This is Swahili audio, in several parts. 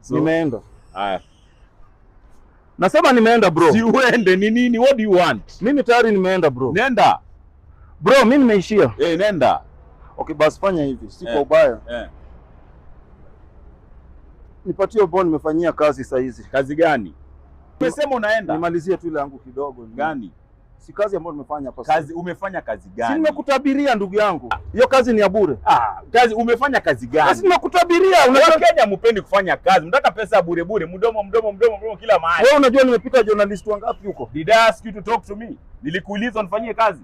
so, nimeenda. Haya. Nasema nimeenda bro. Si uende ni nini? What do you want? Mimi tayari nimeenda bro. Nenda. Bro, mimi nimeishia. Eh, hey, nenda. Okay, basi fanya hivi, si kwa eh, ubaya. Eh. Nipatie bond nimefanyia kazi saa hizi. Kazi gani? Umesema unaenda. Nimalizie tu ile yangu kidogo. Gani? Si kazi ambayo tumefanya hapa. Kazi umefanya kazi gani? Si nimekutabiria ndugu yangu. Hiyo kazi ni ya bure. Ah, kazi umefanya kazi gani? Sisi nimekutabiria. Unajua Kenya mupendi kufanya kazi. Mtaka pesa bure bure, mdomo mdomo mdomo mdomo kila mahali. Wewe unajua nimepita journalist wangapi huko? Did I ask you to talk to me? Nilikuuliza nifanyie kazi.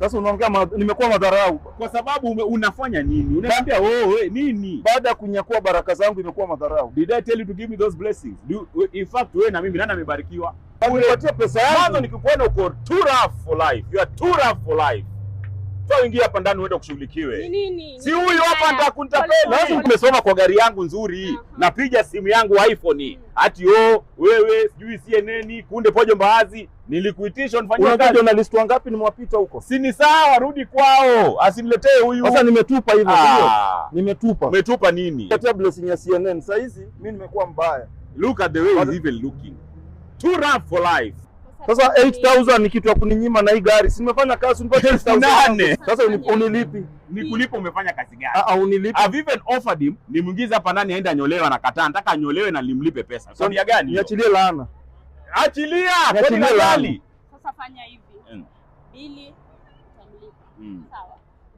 Sasa unaongea ma, nimekuwa madharau kwa sababu ume, unafanya nini? Unaniambia wewe oh, nini? Baada ya kunyakua baraka zangu imekuwa madharau. Did I tell you to give me those blessings? Do, in fact wewe na mimi nani amebarikiwa? Yaani nipatie pesa yangu. Mwanzo nikikuona uko too rough for life. You are too rough for life. Sio ingia hapa ndani uende kushughulikiwe. Si huyu hapa Lazima kwa gari yangu nzuri. Napiga simu yangu iPhone. Hmm. Ati oh, wewe sijui CNN kunde pojo mbaazi nilikuitisha nifanyie kazi. wangapi nimewapita huko? Si ni sawa, rudi kwao. Asiniletee huyu. Sasa nimetupa hivyo sio? Ah. Nimetupa. Umetupa nini? blessing ya CNN. Sasa hizi mimi nimekuwa mbaya. Look at the way he's even looking. Too rough for life. Sasa 8000 ni kitu ya kuninyima na hii gari. Si nimefanya kazi nipate 8000. Sasa unilipi? Ni kulipa umefanya kazi gani? Ah, ah unilipi. I've even offered him nimuingize hapa ndani aende anyolewe na kataa. Nataka anyolewe na nimlipe pesa. So ni gani? Niachilie laana. Achilia, kwani ni ngali. Sasa fanya hivi. Hmm. Bili utamlipa. Hmm. Sawa.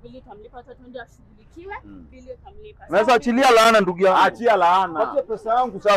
Bili utamlipa hata twende ashughulikiwe. Hmm. Bili utamlipa. Sasa achilia laana ndugu yangu. Achia laana. Achia pesa yangu sasa.